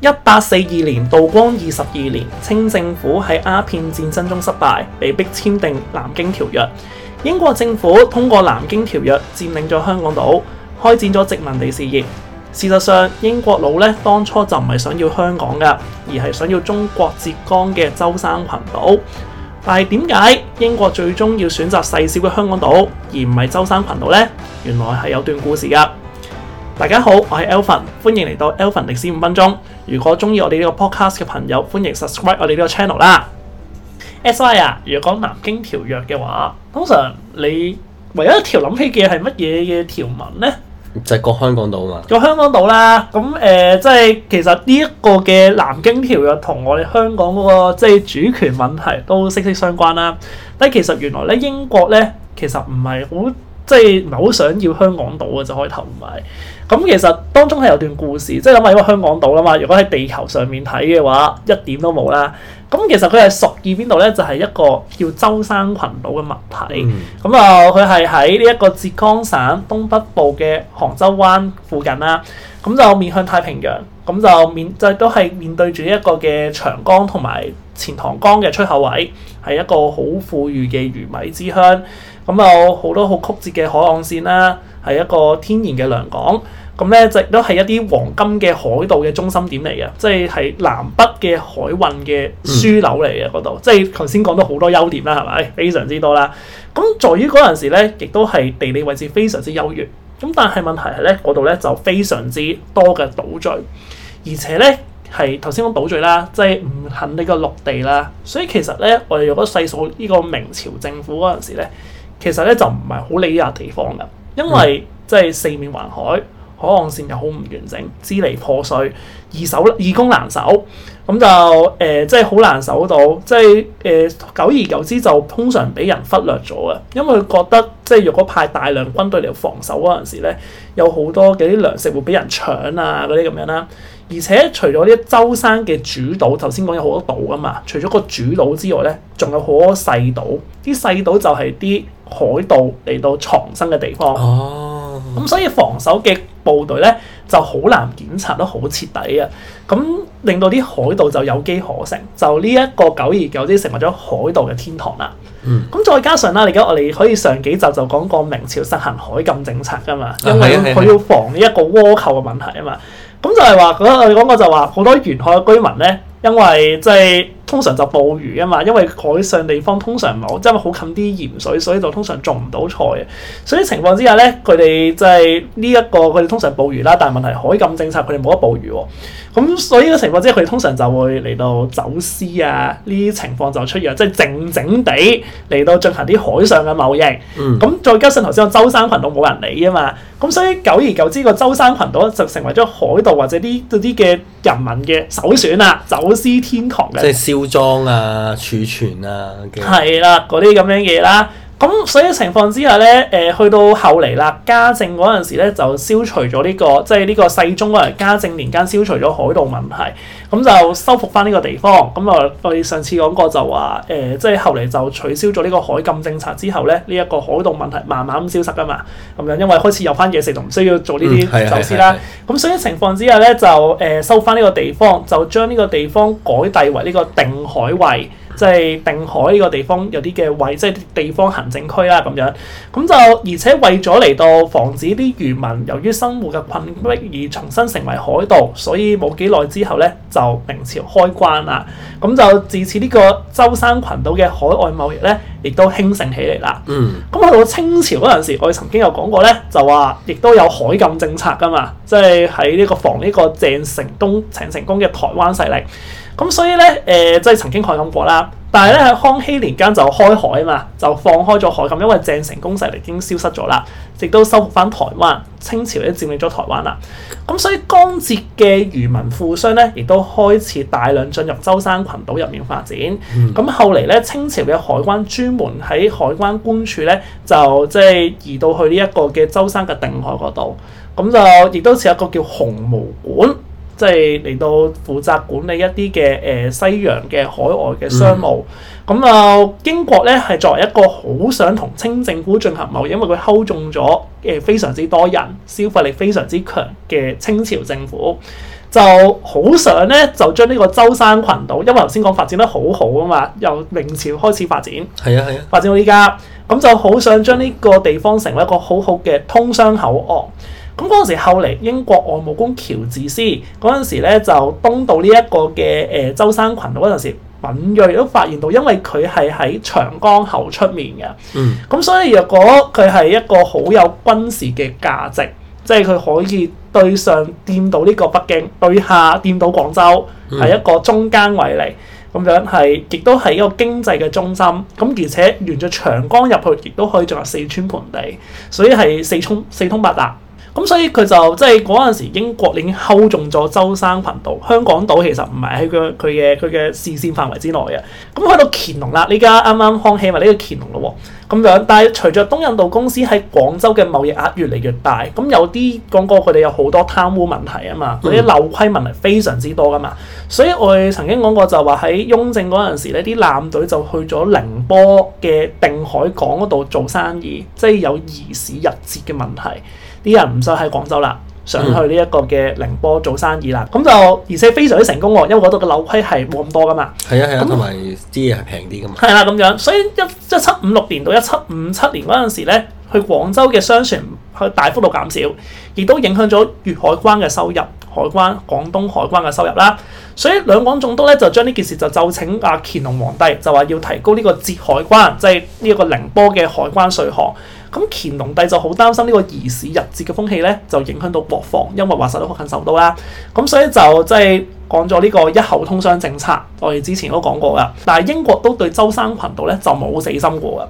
一八四二年，道光二十二年，清政府喺鴉片戰爭中失敗，被迫簽訂《南京條約》。英國政府通過《南京條約》佔領咗香港島，開展咗殖民地事業。事實上，英國佬咧當初就唔係想要香港噶，而係想要中國浙江嘅舟山群島。但係點解英國最終要選擇細小嘅香港島，而唔係舟山群島呢？原來係有段故事噶。大家好，我係 Elvin，歡迎嚟到 Elvin 歷史五分鐘。如果中意我哋呢個 podcast 嘅朋友，歡迎 subscribe 我哋呢個 channel 啦。S.I. 啊，如果講南京條約嘅話，通常你唯一一條諗起嘅係乜嘢嘅條文咧？就係割香港島嘛。割香港島啦，咁、嗯、誒、呃，即係其實呢一個嘅南京條約同我哋香港嗰、那個即係主權問題都息息相關啦。但係其實原來咧英國咧，其實唔係好即係唔係好想要香港島嘅，就開頭唔係。咁其實當中係有段故事，即係諗下，因為香港島啦嘛，如果喺地球上面睇嘅話，一點都冇啦。咁其實佢係屬於邊度咧？就係、是、一個叫舟山群島嘅物體。咁啊、嗯，佢係喺呢一個浙江省東北部嘅杭州灣附近啦、啊。咁、嗯、就面向太平洋，咁、嗯、就面即都係面對住一個嘅長江同埋錢塘江嘅出口位，係一個好富裕嘅魚米之鄉。咁有好多好曲折嘅海岸線啦、啊。係一個天然嘅良港，咁咧就都係一啲黃金嘅海道嘅中心點嚟嘅，即係係南北嘅海運嘅樞紐嚟嘅嗰度。即係頭先講到好多優點啦，係咪？非常之多啦。咁在於嗰陣時咧，亦都係地理位置非常之優越。咁但係問題係咧，嗰度咧就非常之多嘅島嶼，而且咧係頭先講島嶼啦，即係唔肯呢個陸地啦。所以其實咧，我哋如果細數呢個明朝政府嗰陣時咧，其實咧就唔係好理呢笪地方噶。因為即係四面環海，海岸線又好唔完整，支離破碎，易守易攻難守，咁就誒即係好難守到，即係誒久而久之就通常俾人忽略咗啊！因為佢覺得即係若果派大量軍隊嚟防守嗰陣時咧，有好多嘅啲糧食會俾人搶啊嗰啲咁樣啦。而且除咗啲舟山嘅主島，頭先講有好多島噶嘛，除咗個主島之外咧，仲有好多細島，啲細島就係啲海盜嚟到藏身嘅地方，哦，咁所以防守嘅部隊咧就好難檢查得好徹底啊，咁令到啲海盜就有機可乘，就呢一個久而久之成為咗海盜嘅天堂啦。嗯，咁再加上啦，而家我哋可以上幾集就講過明朝實行海禁政策㗎嘛，因為佢要防呢一個倭寇嘅問題啊嘛，咁、啊、就係話我哋講過就話好多沿海嘅居民咧，因為即係。通常就捕魚啊嘛，因為海上地方通常冇，即係，因為好近啲鹽水，所以就通常種唔到菜啊。所以情況之下咧，佢哋即係呢一個佢哋通常捕魚啦。但係問題海禁政策，佢哋冇得捕魚喎。咁所以個情況之下，佢哋通常就會嚟到走私啊。呢啲情況就出現，即係靜靜地嚟到進行啲海上嘅貿易。咁、嗯、再加上頭先個舟山群島冇人理啊嘛，咁所以久而久之個舟山群島就成為咗海盜或者啲嗰啲嘅人民嘅首選啦、啊，走私天堂嘅、嗯。包裝啊，儲存啊，係啦，嗰啲咁樣嘢啦。咁所以情況之下咧，誒、呃、去到後嚟啦，嘉靖嗰陣時咧就消除咗呢、這個，即係呢個世宗啊，嘉靖年間消除咗海盜問題，咁、嗯、就收復翻呢個地方。咁、嗯、啊，我哋上次講過就話，誒、呃、即係後嚟就取消咗呢個海禁政策之後咧，呢、這、一個海盜問題慢慢消失噶嘛，咁樣因為開始有翻嘢食，就唔需要做呢啲走私啦。咁、嗯、所以情況之下咧，就誒、呃、收翻呢個地方，就將呢個地方改隸為呢個定海衞。即係定海呢個地方有啲嘅位，即係地方行政區啦咁樣。咁就而且為咗嚟到防止啲漁民由於生活嘅困迫而重新成為海盜，所以冇幾耐之後咧就明朝開關啦。咁就自此呢個舟山群島嘅海外貿易咧，亦都興盛起嚟啦。嗯。咁去到清朝嗰陣時，我曾經有講過咧，就話亦都有海禁政策噶嘛，即係喺呢個防呢個鄭成、成功、鄭成功嘅台灣勢力。咁所以咧，誒、呃、即係曾經海禁過啦，但係咧喺康熙年間就開海啊嘛，就放開咗海禁，因為鄭成功勢力已經消失咗啦，亦都收復翻台灣，清朝已經佔領咗台灣啦。咁所以江浙嘅漁民富商咧，亦都開始大量進入舟山群島入面發展。咁、嗯、後嚟咧，清朝嘅海關專門喺海關官署咧，就即係移到去呢一個嘅舟山嘅定海嗰度，咁就亦都設一個叫紅毛館。即係嚟到負責管理一啲嘅誒西洋嘅海外嘅商務，咁啊、嗯、英國咧係作為一個好想同清政府進行貿易，因為佢溝中咗誒非常之多人，消費力非常之強嘅清朝政府，就好想咧就將呢個舟山群島，因為頭先講發展得好好啊嘛，由明朝開始發展，係啊係啊，啊發展到依家，咁就好想將呢個地方成為一個好好嘅通商口岸。咁嗰陣時，後嚟英國外務官喬治斯嗰陣、那個、時咧，就東到呢一個嘅誒舟山羣島嗰陣時，敏鋭都發現到，因為佢係喺長江口出面嘅。嗯。咁所以若果佢係一個好有軍事嘅價值，即係佢可以對上掂到呢個北京，對下掂到廣州，係、嗯、一個中間位嚟咁樣，係亦都係一個經濟嘅中心。咁而且沿着長江入去，亦都可以進入四川盆地，所以係四通四通八達。咁、嗯、所以佢就即係嗰陣時，英國已經扣中咗舟山群島。香港島其實唔係喺佢佢嘅佢嘅視線範圍之內嘅。咁、嗯、去到乾隆啦，呢家啱啱康熙咪呢個乾隆咯咁樣。但係隨着東印度公司喺廣州嘅貿易額越嚟越大，咁有啲講過，佢哋有好多貪污問題啊嘛，嗰啲陋規問題非常之多噶嘛。所以我哋曾經講過，就話喺雍正嗰陣時咧，啲艦隊就去咗寧波嘅定海港嗰度做生意，即係有疑市日節嘅問題。啲人唔使喺廣州啦，想去呢一個嘅寧波做生意啦。咁、嗯、就而且非常之成功喎、啊，因為嗰度嘅樓規係冇咁多噶嘛。係啊係啊，同埋資源係平啲噶嘛。係啦，咁樣所以一一七五六年到一七五七年嗰陣時咧，去廣州嘅商船去大幅度減少，亦都影響咗粵海關嘅收入，海關廣東海關嘅收入啦。所以兩廣總督咧就將呢件事就就，就請阿、啊、乾隆皇帝，就話要提高呢個浙海關，即係呢一個寧波嘅海關稅項。咁乾隆帝就好擔心呢個夷市日節嘅風氣呢，就影響到國防，因為話實都好近首都啦。咁所以就即係講咗呢個一口通商政策，我哋之前都講過噶。但係英國都對舟山群島呢，就冇死心過噶。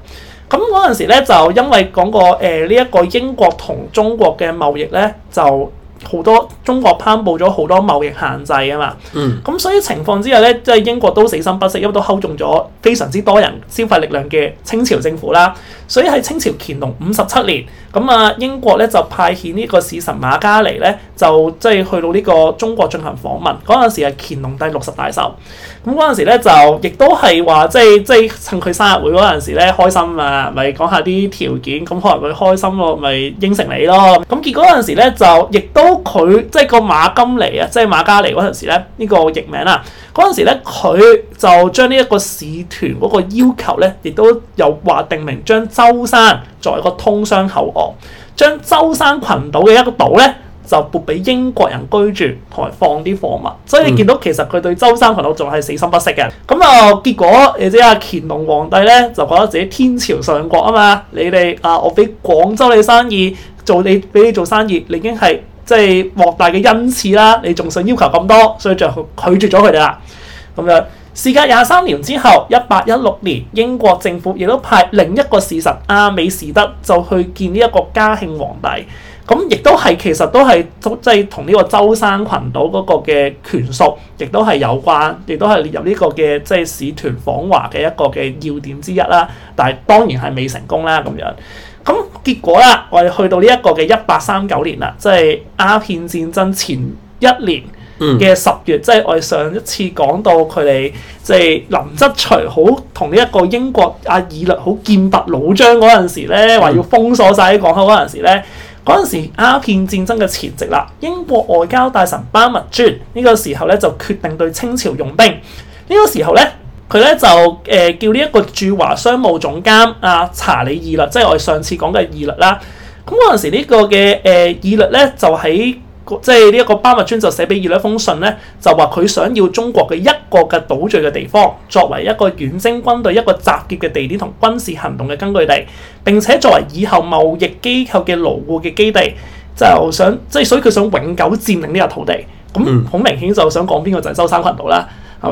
咁嗰陣時咧就因為講過誒呢一個英國同中國嘅貿易呢，就。好多中國頒布咗好多貿易限制啊嘛，咁、嗯、所以情況之下咧，即係英國都死心不息，因為都溝中咗非常之多人消費力量嘅清朝政府啦。所以喺清朝乾隆五十七年，咁啊英國咧就派遣呢個使臣馬戛爾尼咧，就即係去到呢個中國進行訪問。嗰陣時係乾隆帝六十大壽，咁嗰陣時咧就亦都係話，即係即係趁佢生日會嗰陣時咧開心啊，咪講下啲條件，咁可能佢開心咯、啊，咪應承你咯。咁結果嗰陣時咧就亦都。咁佢即係個馬金尼啊，即係馬加尼嗰陣時咧，這個、時呢個譯名啦。嗰陣時咧，佢就將呢一個使團嗰個要求咧，亦都有話定明將舟山作為一個通商口岸，將舟山群島嘅一個島咧就撥俾英國人居住同埋放啲貨物。所以你見到其實佢對舟山群島仲係死心不息嘅。咁啊、呃，結果你知啊乾隆皇帝咧就覺得自己天朝上國啊嘛，你哋啊我俾廣州你生意做你，你俾你做生意，你已經係。即係莫大嘅恩賜啦，你仲想要求咁多，所以就拒絕咗佢哋啦。咁樣事隔廿三年之後，一八一六年，英國政府亦都派另一個使臣阿美士德就去見呢一個嘉慶皇帝。咁亦都係其實都係即係同呢個舟山群島嗰個嘅權屬，亦都係有關，亦都係列入呢個嘅即係使團訪華嘅一個嘅要點之一啦。但係當然係未成功啦。咁樣。咁結果啦，我哋去到呢一個嘅一八三九年啦，即、就、係、是、鴉片戰爭前一年嘅十月，即係、嗯、我哋上一次講到佢哋即係林則徐好同呢一個英國阿爾、啊、律好劍拔弩張嗰陣時咧，話要封鎖晒港口嗰陣時咧，嗰陣時鴉片戰爭嘅前夕啦，英國外交大臣巴文尊呢、這個時候咧就決定對清朝用兵，呢、這個時候咧。佢咧就誒、呃、叫呢一個駐華商務總監啊查理義律，即係我哋上次講嘅義律啦。咁嗰陣時個、呃、呢個嘅誒義律咧就喺即係呢一個巴麥尊，就寫俾義律一封信咧，就話佢想要中國嘅一個嘅島嶼嘅地方作為一個遠征軍隊一個集結嘅地點同軍事行動嘅根據地，並且作為以後貿易機構嘅牢固嘅基地，就想即係所以佢想永久佔領呢個土地。咁好明顯就想講邊個就係舟山群島啦。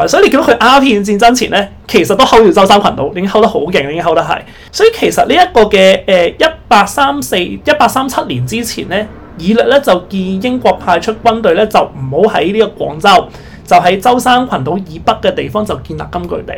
所以你見到佢鴉片戰爭前咧，其實都 hold 住舟山群島，已經 hold 得好勁，已經 hold 得係。所以其實呢一個嘅誒一八三四、一八三七年之前咧，義律咧就建議英國派出軍隊咧，就唔好喺呢個廣州，就喺舟山群島以北嘅地方就建立根據地。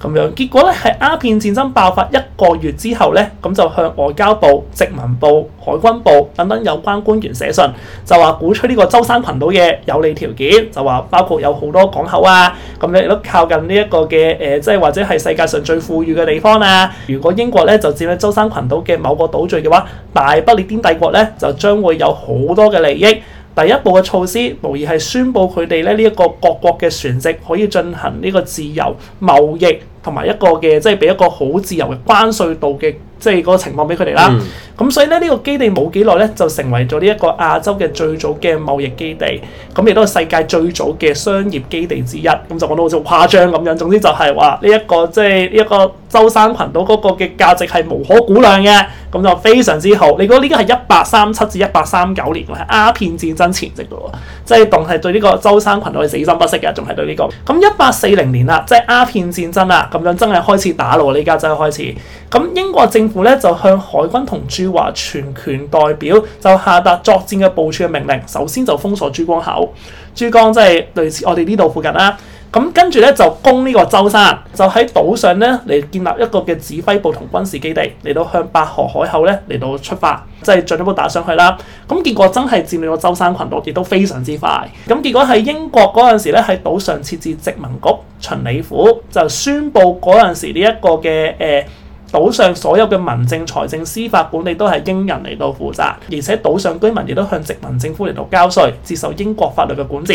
咁樣結果咧，係鴉片戰爭爆發一個月之後咧，咁就向外交部、殖民部、海軍部等等有關官員寫信，就話鼓吹呢個舟山群島嘅有利條件，就話包括有好多港口啊，咁樣亦都靠近呢一個嘅誒，即、呃、係或者係世界上最富裕嘅地方啊。如果英國咧就佔咗舟山群島嘅某個島嶼嘅話，大不列顛帝國咧就將會有好多嘅利益。第一步嘅措施，無疑係宣布佢哋咧呢一、這個各國嘅船隻可以進行呢個自由貿易，同埋一個嘅即係俾一個好自由嘅關稅度嘅即係嗰個情況俾佢哋啦。咁、嗯、所以咧呢、這個基地冇幾耐咧就成為咗呢一個亞洲嘅最早嘅貿易基地，咁亦都係世界最早嘅商業基地之一。咁就講到好似誇張咁樣。總之就係話呢一個即係呢一個舟山群島嗰個嘅價值係無可估量嘅。咁就非常之好。你覺得呢個係一八三七至一八三九年喎，係鴉片戰爭前夕嘅喎，即係仲係對呢個舟山群島係死心不息嘅，仲係對呢、呢個咁一八四零年啦，即係鴉片戰爭啦，咁樣真係開始打咯。呢家真係開始咁，英國政府咧就向海軍同駐華全權代表就下達作戰嘅部署嘅命令，首先就封鎖珠江口。珠江即係類似我哋呢度附近啦。咁跟住咧就攻呢個舟山，就喺島上咧嚟建立一個嘅指揮部同軍事基地，嚟到向白河海口咧嚟到出發，即係進一步打上去啦。咁結果真係佔領咗舟山群島，亦都非常之快。咁結果喺英國嗰陣時咧喺島上設置殖民局、巡理府，就宣布嗰陣時呢一個嘅誒。呃島上所有嘅民政、財政、司法管理都係英人嚟到負責，而且島上居民亦都向殖民政府嚟到交稅，接受英國法律嘅管治。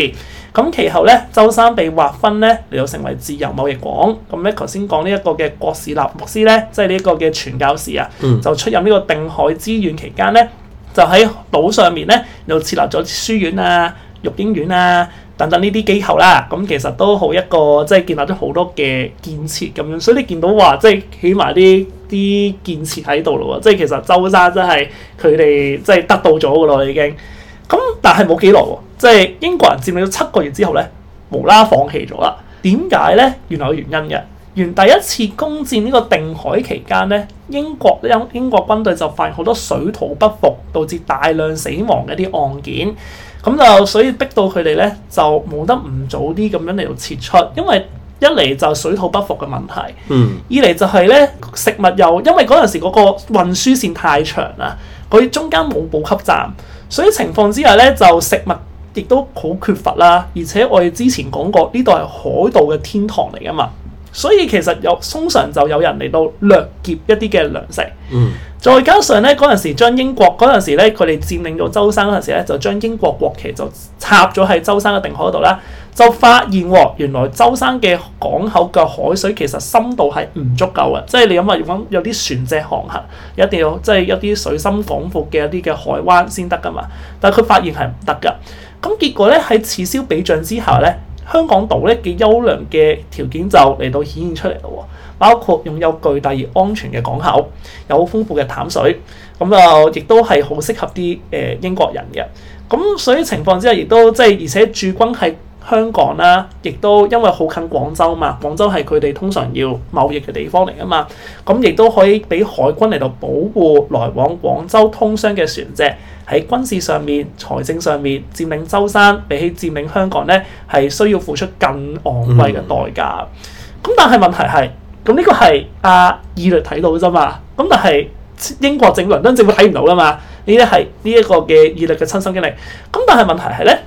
咁其後咧，舟山被劃分咧嚟到成為自由貿易港。咁咧，頭先講呢一個嘅國士立牧師咧，即係呢一個嘅傳教士啊，嗯、就出任呢個定海之院期間咧，就喺島上面咧又設立咗書院啊、育嬰院啊。等等呢啲機構啦，咁其實都好一個，即係建立咗好多嘅建設咁樣，所以你見到話，即係起碼啲啲建設喺度咯喎，即係其實周生真係佢哋即係得到咗噶咯已經。咁但係冇幾耐喎，即係英國人佔領咗七個月之後咧，無啦啦放棄咗啦。點解咧？原，原來有原因嘅。原第一次攻佔呢個定海期間咧，英國英英國軍隊就發現好多水土不服，導致大量死亡嘅一啲案件。咁就所以逼到佢哋咧，就冇得唔早啲咁樣嚟到撤出，因為一嚟就水土不服嘅問題，嗯、二嚟就係咧食物又因為嗰陣時嗰個運輸線太長啦，佢中間冇補給站，所以情況之下咧就食物亦都好缺乏啦，而且我哋之前講過呢度係海盜嘅天堂嚟㗎嘛，所以其實有通常就有人嚟到掠劫一啲嘅糧食。嗯再加上咧，嗰陣時將英國嗰陣時咧，佢哋佔領咗舟山嗰陣時咧，就將英國國旗就插咗喺舟山嘅定海度啦，就發現、哦、原來舟山嘅港口嘅海水其實深度係唔足夠嘅，即係你諗下，如果有啲船隻航行，一定要即係、就是、有啲水深廣闊嘅一啲嘅海灣先得噶嘛，但係佢發現係唔得㗎。咁結果咧喺此消彼長之下咧，香港島咧嘅優良嘅條件就嚟到顯現出嚟啦、哦包括擁有巨大而安全嘅港口，有好豐富嘅淡水，咁啊，亦都係好適合啲誒英國人嘅。咁所以情況之下，亦都即係而且駐軍喺香港啦，亦都因為好近廣州嘛，廣州係佢哋通常要貿易嘅地方嚟啊嘛，咁亦都可以俾海軍嚟到保護來往廣州通商嘅船隻。喺軍事上面、財政上面佔領舟山，比起佔領香港呢，係需要付出更昂貴嘅代價。咁、嗯、但係問題係。咁呢個係阿義律睇到啫嘛，咁但係英國政倫敦政府睇唔到啦嘛。呢啲係呢一個嘅義律嘅親身經歷。咁但係問題係咧，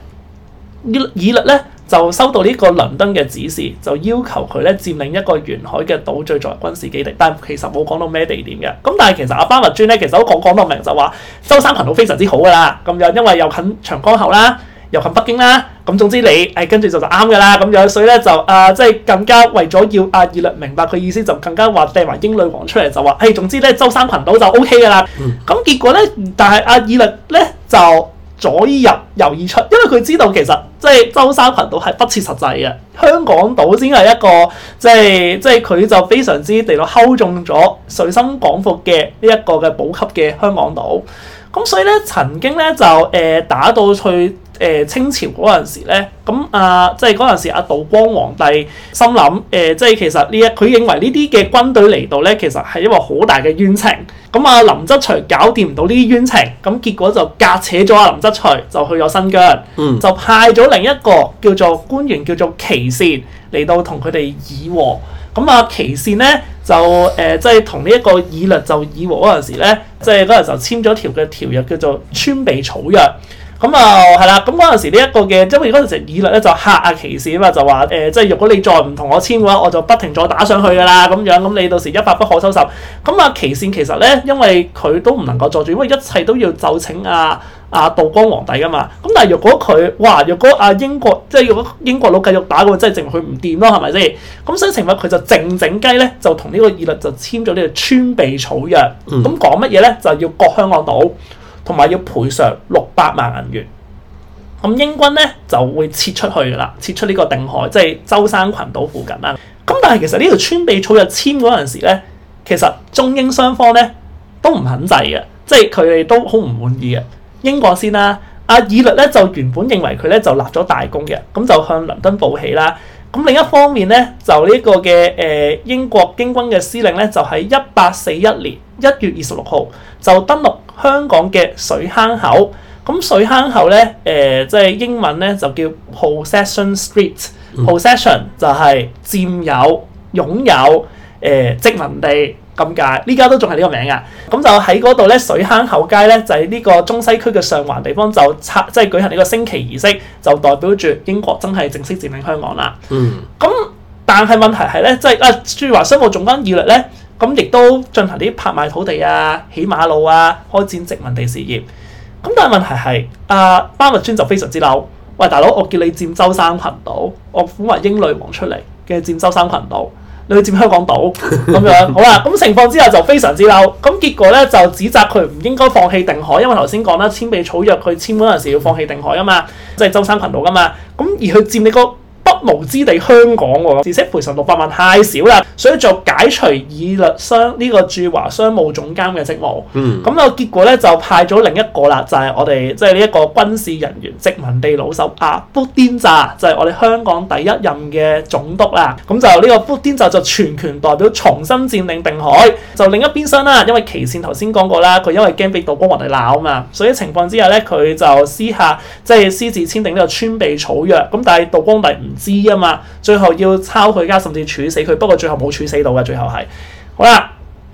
義義律咧就收到呢個倫敦嘅指示，就要求佢咧佔領一個沿海嘅島嶼作為軍事基地，但係其實冇講到咩地點嘅。咁但係其實阿巴麥尊咧，其實都講講到明就話舟山羣島非常之好噶啦，咁樣因為又近長江口啦。又行北京啦，咁總之你誒、哎、跟住就就啱嘅啦，咁樣所以咧就誒即係更加為咗要阿爾律明白佢意思，就更加話掟埋英女王出嚟就話，誒總之咧舟山群島就 O K 噶啦。咁、嗯嗯、結果咧，但係阿爾律咧就左耳入右耳出，因為佢知道其實即係舟山群島係不切實際嘅，香港島先係一個即係即係佢就非常之地攏溝中咗水深廣闊嘅呢一個嘅補給嘅香港島。咁所以咧曾經咧就誒、呃、打到去。去誒清朝嗰陣時咧，咁啊，即係嗰陣時阿道、啊、光皇帝心諗，誒、啊，即、就、係、是、其實呢一，佢認為呢啲嘅軍隊嚟到咧，其實係一個好大嘅冤情。咁啊，林則徐搞掂唔到呢啲冤情，咁結果就隔扯咗阿林則徐就去咗新疆，嗯、就派咗另一個叫做官員叫做琦善嚟到同佢哋議和。咁啊，琦善咧就誒，即係同呢一個義律就議和嗰陣時咧，即係嗰陣就是、時簽咗條嘅條約叫做《穿鼻草約》。咁啊，係啦，咁嗰陣時呢一個嘅，即係嗰陣時義律咧就嚇阿琦善啊，就話誒，即係如果你再唔同我簽嘅話，我就不停再打上去噶啦，咁樣咁你到時一發不可收拾。咁啊，琦善其實咧，因為佢都唔能夠做主，因為一切都要就請阿阿道光皇帝噶嘛。咁但係若果佢，哇！若果阿英國即係如果英國佬繼續打嘅真即係證明佢唔掂咯，係咪先？咁所以成日佢就靜靜雞咧，就同呢個義律就簽咗呢啲穿鼻草約。咁講乜嘢咧？就要割香港島。同埋要賠償六百萬銀元，咁英軍咧就會撤出去噶啦，撤出呢個定海，即係舟山群島附近啦。咁但係其實呢條穿鼻草約簽嗰陣時咧，其實中英雙方咧都唔肯制嘅，即係佢哋都好唔滿意嘅。英國先啦、啊，阿義律咧就原本認為佢咧就立咗大功嘅，咁就向倫敦報喜啦。咁另一方面咧，就呢個嘅誒、呃、英國英軍嘅司令咧，就喺一八四一年一月二十六號就登陸香港嘅水坑口。咁、嗯、水坑口咧，誒、呃、即係英文咧就叫 Possession Street。Possession 就係佔有、擁有誒、呃、殖民地。咁解，呢家都仲係呢個名啊！咁就喺嗰度咧，水坑口街咧，就喺呢個中西區嘅上環地方，就拆，即係舉行呢個升旗儀式，就代表住英國真係正式佔領香港啦。嗯。咁，但係問題係咧，即係啊，駐華商務總監義律咧，咁亦都進行啲拍賣土地啊、起馬路啊、開展殖民地事業。咁但係問題係，啊，巴麥尊就非常之嬲。喂，大佬，我叫你佔舟山群島，我本為英女王出嚟嘅佔舟山群島。你去佔香港島咁樣，好啦，咁、嗯、情況之下就非常之嬲，咁、嗯、結果咧就指責佢唔應該放棄定海，因為頭先講啦，簽備草約佢簽嗰陣時要放棄定海啊嘛，即係舟山群島噶嘛，咁、嗯、而佢佔你個。不毛之地香港喎，而且賠償六百萬太少啦，所以就解除以律商呢、這個駐華商務總監嘅職務。嗯，咁啊結果咧就派咗另一個啦，就係、是、我哋即係呢一個軍事人員殖民地老手啊，砵甸乍，就係、是、我哋香港第一任嘅總督啦。咁就呢個砵甸乍就全權代表重新佔領定海。就另一邊廂啦，因為其實頭先講過啦，佢因為驚俾道光皇帝鬧嘛，所以情況之下咧佢就私下即係、就是、私自簽訂呢個穿鼻草約。咁但係道光帝唔～知啊嘛，最後要抄佢家，甚至處死佢。不過最後冇處死到嘅，最後係好啦。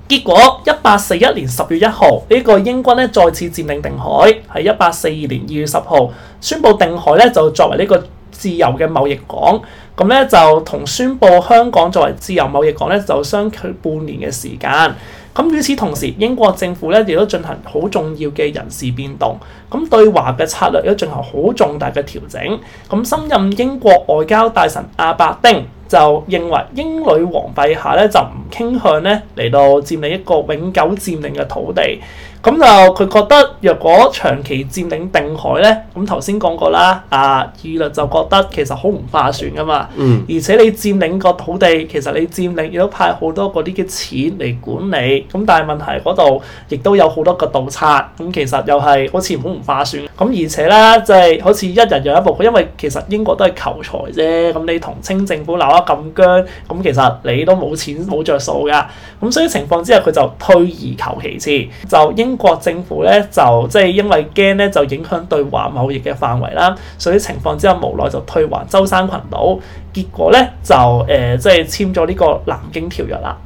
結果一八四一年十月一號，呢個英軍咧再次佔領定海。喺一八四二年二月十號，宣布定海咧就作為呢個自由嘅貿易港。咁咧就同宣布香港作為自由貿易港咧就相距半年嘅時間。咁與此同時，英國政府咧亦都進行好重要嘅人事變動，咁對華嘅策略都進行好重大嘅調整。咁新任英國外交大臣阿伯丁就認為，英女皇陛下咧就唔傾向咧嚟到佔領一個永久佔領嘅土地。咁就佢覺得若果長期佔領定海咧，咁頭先講過啦，啊義律就覺得其實好唔划算㗎嘛。嗯。而且你佔領個土地，其實你佔領亦都派好多嗰啲嘅錢嚟管理。咁但係問題嗰度亦都有好多個盜賊。咁其實又係好似好唔划算。咁而且咧就係、是、好似一人有一部，因為其實英國都係求財啫。咁你同清政府鬧得咁僵，咁其實你都冇錢冇着數㗎。咁所以情況之下佢就退而求其次，就英。中國政府咧就即係因為驚咧就影響對華貿易嘅範圍啦，所以情況之下無奈就退還舟山群島，結果咧就誒、呃、即係簽咗呢個南京條約啦。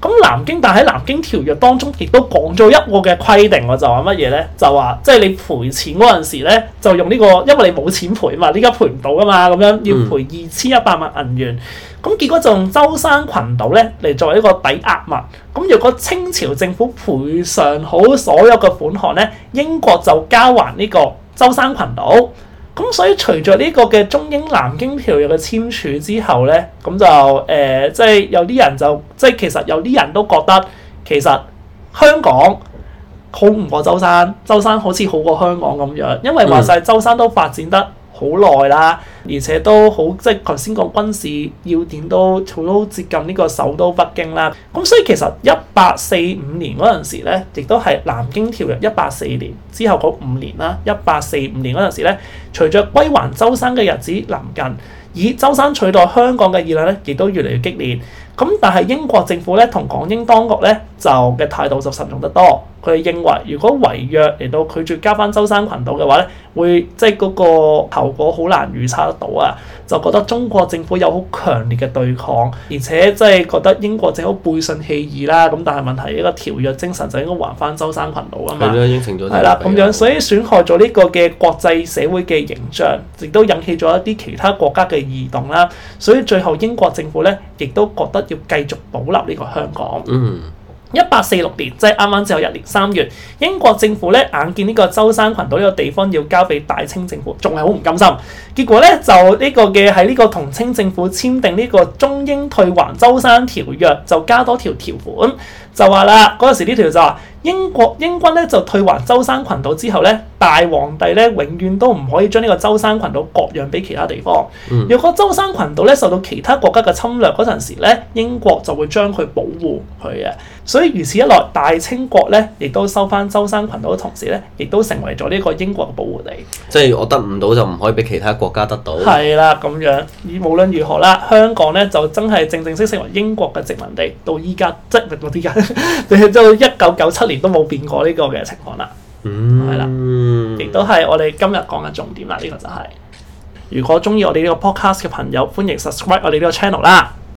咁南京但喺南京條約當中亦都講咗一個嘅規定，我就話乜嘢咧？就話即係你賠錢嗰陣時咧就用呢、這個，因為你冇錢賠嘛，你依家賠唔到噶嘛，咁樣要賠二千一百萬銀元,元。嗯咁結果就用舟山群島咧嚟作為一個抵押物。咁若果清朝政府賠償好所有嘅款項咧，英國就交還呢個舟山群島。咁所以隨着呢個嘅中英南京條約嘅簽署之後咧，咁就誒、呃、即係有啲人就即係其實有啲人都覺得其實香港好唔過舟山，舟山好似好過香港咁樣，因為話晒舟山都發展得好耐啦，而且都好即係頭先講軍事要點都好接近呢個首都北京啦。咁所以其實一八四五年嗰陣時咧，亦都係南京條約一八四年之後嗰五年啦，一八四五年嗰陣時咧，隨著歸還舟山嘅日子臨近，以舟山取代香港嘅議論呢，亦都越嚟越激烈。咁但係英國政府咧同港英當局咧就嘅態度就慎重得多，佢哋認為如果違約嚟到拒絕加翻舟山群島嘅話咧，會即係嗰個效果好難預測得到啊，就覺得中國政府有好強烈嘅對抗，而且即係覺得英國政府背信棄義啦。咁但係問題呢個條約精神就應該還翻舟山群島啊嘛。係啦，應承咗。係啦，咁的樣所以損害咗呢個嘅國際社會嘅形象，亦都引起咗一啲其他國家嘅異動啦。所以最後英國政府咧亦都覺得。要繼續保留呢個香港。嗯，一八四六年即係啱啱之後一年三月，英國政府咧眼見呢個舟山群島呢個地方要交俾大清政府，仲係好唔甘心。結果咧就呢個嘅喺呢個同清政府簽訂呢個中英退還舟山條約，就加多條條款。就話啦，嗰陣時呢條就話英國英軍咧就退還舟山群島之後咧，大皇帝咧永遠都唔可以將呢個舟山群島割讓俾其他地方。若、嗯、果舟山群島咧受到其他國家嘅侵略嗰陣時咧，英國就會將佢保護佢嘅。所以如此一來，大清國咧亦都收翻舟山群島嘅同時咧，亦都成為咗呢個英國嘅保護地。即係我得唔到就唔可以俾其他國家得到。係啦，咁樣而無論如何啦，香港咧就真係正正式式成為英國嘅殖民地，到依家即係到依家。你哋到一九九七年都冇變過呢個嘅情況啦，係啦、mm hmm.，亦都係我哋今日講嘅重點啦。呢、這個就係、是，如果中意我哋呢個 podcast 嘅朋友，歡迎 subscribe 我哋呢個 channel 啦。